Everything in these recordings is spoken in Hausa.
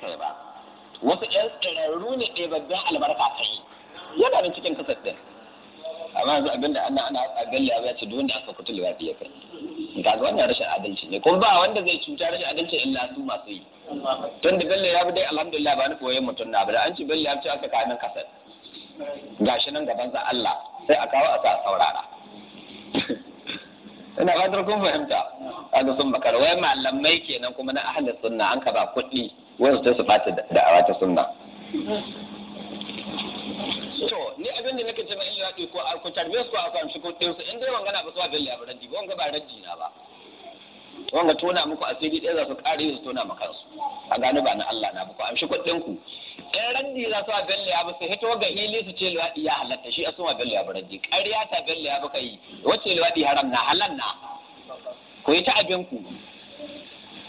kai ba wasu ƴan tsirarru ne ɗebabben albarka ta yi yana da cikin kasar ɗin amma yanzu abin da ana ana agalla ya ce duk wanda aka kutu lafiya kai ga ga wannan rashin adalci ne kuma ba wanda zai cuta rashin adalci illa su masu yi tun da bello ya bi dai alhamdulillah ba ni koyon mutum na ba da an ci bello ya ci aka kawo nan kasar gashi nan gaban sa Allah sai a kawo a sa saurara ina fatar kun fahimta kaga sun makar wai malamai kenan kuma na ahlus sunna an ka ba kuɗi Wai su su bata da'awa ta sunna to ni abin da nake cewa in ya haɗe ko a ku tarbe su a kwamshi ko ɗinsu in dai wangana ba su abin da raddi ba wanga ba raddi na ba wanga tona muku asiri ɗaya za su ƙara yi su tona ma kansu a gano ba na Allah na ba ku amshi kuɗin ku in raddi za su abin da ba su hito ga hili su ce luwaɗi ya halatta shi a sun abin da ba ƙarya ta abin da ba ka yi wacce luwaɗi haram na halanna. ku yi ta abinku. ku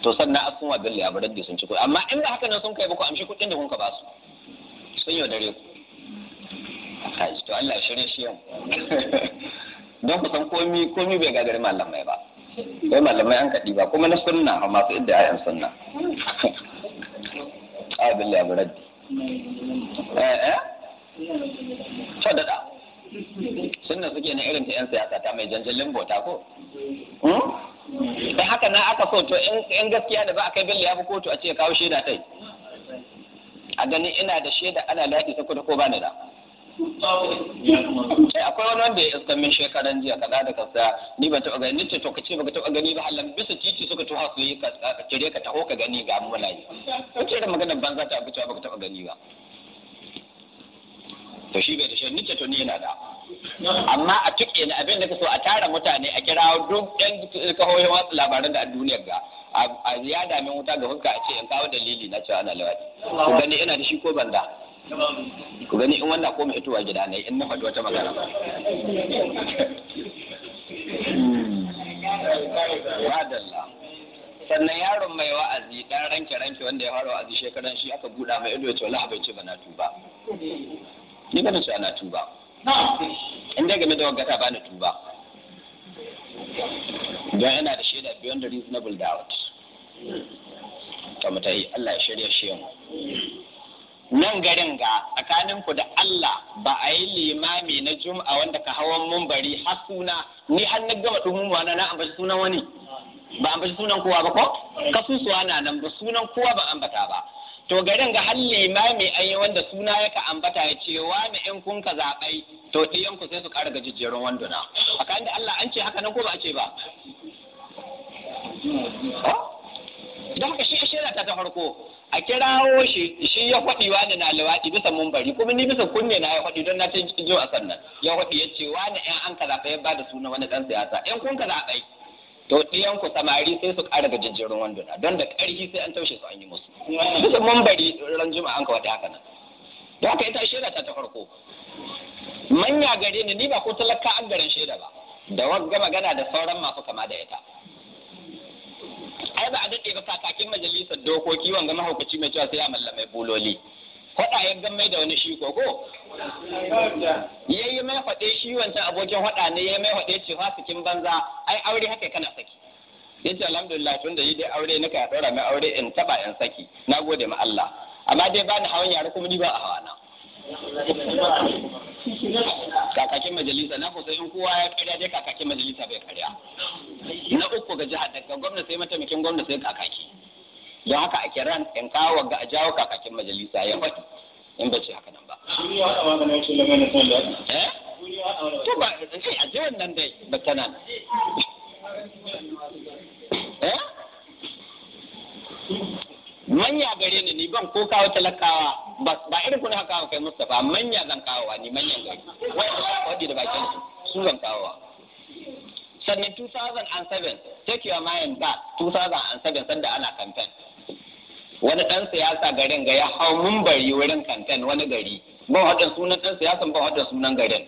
to sannan a kuma bello ya barar da sun ci kuɗi amma in ba haka nan sun kai ba ku amshi kuɗin da kun ka ba su sun dare ku kai to Allah shirin shi yau don kusan komi komi bai gagari malamai ba bai malamai an kaɗi ba kuma na sunna masu idda ayan sunna a bello ya barar da eh eh to da sunna suke na irin ta yan siyasa ta mai janjalin bota ko hmm? da haka na aka so to in gaskiya da ba a kai bello ya fi kotu a ce kawo shaida kai. a gani ina da shaida ana laɗi ta kuda ko ba ni da eh, akwai wani wanda ya iska min shekaran jiya kaza da kasa ni ba taɓa gani ce to ka ba ka taɓa gani ba halan bisa titi suka tuha su yi ka cire ka taho ka gani ga mulayi ko ce da magana banza ta ba ka taɓa gani ba to shi bai da shi nice to ni yana da amma a tuke ni abin da ka so a tara mutane a kira duk ɗan kahoyin watsa labaran da a duniyar ga a ya min wuta ga hukka a ce in kawo dalili na cewa ana lawati ku gani ina da shi ko banda ku gani in wannan ko mai itowa gida ne in na faɗi wata magana ba hmm. sannan yaron mai wa'azi dan ranke ranke wanda ya fara wa'azi shekaran shi aka buɗa mai ido ya ce wallahi bai ce ba na tuba ni ganin su ana tuba in dai game da wagata ba na tuba don yana da shaida beyond the reasonable doubt kamata yi Allah ya shirya shi nan garin ga tsakanin ku da Allah ba a yi limami na jum'a wanda ka hawan mumbari har suna ni har na gama dumumuwa na ambaci sunan wani ba ambaci sunan kowa ba ko kasusuwa na nan ba sunan kowa ba ambata ba to garin ga hali ma an yi wanda suna ya ka ambata ya ce wa na in kun ka zaɓai to ɗiyan ku sai su ƙara ga jijjerun wanduna a kan da Allah an ce haka nan ko ba a ce ba da haka shi a shirya ta ta farko a kirawo shi shi ya faɗi ni na liwaɗi bisa mun bari, kuma ni bisa kunne na ya faɗi don na ce jo a sannan ya faɗi ya ce wani in an ka zaɓai ya ba da suna wani ɗan siyasa in kun ka zaɓai to ɗiyan ku samari sai su ƙara gajejjerun wanduna don da ƙarfi sai an taushe su an yi musu mun mambari ran juma'a an wata haka nan don haka ita shaida ta ta farko manya gare ni ni ba ko talaka an garin shaida ba da wagga magana da sauran masu kama da ita ai ba a daɗe ba kakakin majalisar dokoki wanga mahaukaci mai cewa sai ya mallamai buloli Kwaɗayen gammai da wani shi ko ya yi mai faɗe shi wancan abokin faɗa ne ya mai faɗe ce fasikin banza ai aure haka kana saki ya ce alhamdulillah tun da yi dai aure na ka ɗora mai aure in taɓa in saki na gode ma Allah amma dai ba ni hawan yare kuma ni ba a hawa na kakakin majalisa na kusa in kowa ya karya dai kakakin majalisa bai karya na uku ga jihar daga gwamna sai mataimakin gwamna sai kakaki don haka a kiran in kawo ga a jawo kakakin majalisa ya faɗi in bace haka nan Eh? to ba sai eh, a ji wannan dai eh? manya gare ni ni ban ko kawo talakawa ba irin kuna kawo kai Mustapha manya zan kawo ni manyan gari wai wadi da bakin su zan kawo wa sannan 2007 take your mind back 2007 sanda ana campaign wani ɗan siyasa garin ga ya hau bari wurin kamfen wani gari ban haɗin sunan ɗan siyasan ban haɗin sunan garin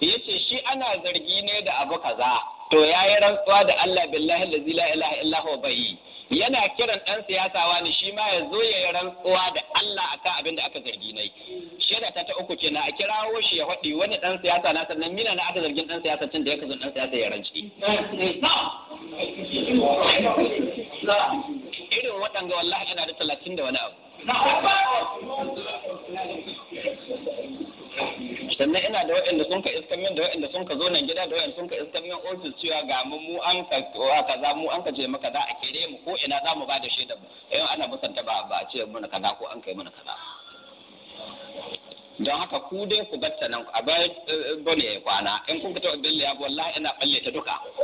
ya ce shi ana zargi ne da abu kaza to ya yi rantsuwa da Allah billahi lazi la ilaha illahu bai yana kiran ɗan siyasa wani shi ma ya zo ya yi rantsuwa da Allah akan abin da aka zargi nai shaida ta ta uku kenan a kirawo shi ya faɗi wani ɗan siyasa na sannan mina na aka zargin ɗan siyasa tun da ya kazo ɗan siyasa ya ranci irin waɗanga wallahi yana da talatin da wani abu sannan ina da waɗanda sun ka iskan min da waɗanda sun ka zo nan gida da waɗanda sun ka iskan min ofis cewa ga mu mu an ka kaza mu an ka je maka za a kere mu ko ina za mu ba da shaida mu yau eh, ana musanta ba ba a ce mana kaza ko an kai mana kaza don haka ku dai ku batta nan a bayan eh, eh, bane ya kwana in kun fito a billiya wallahi ina balle ta duka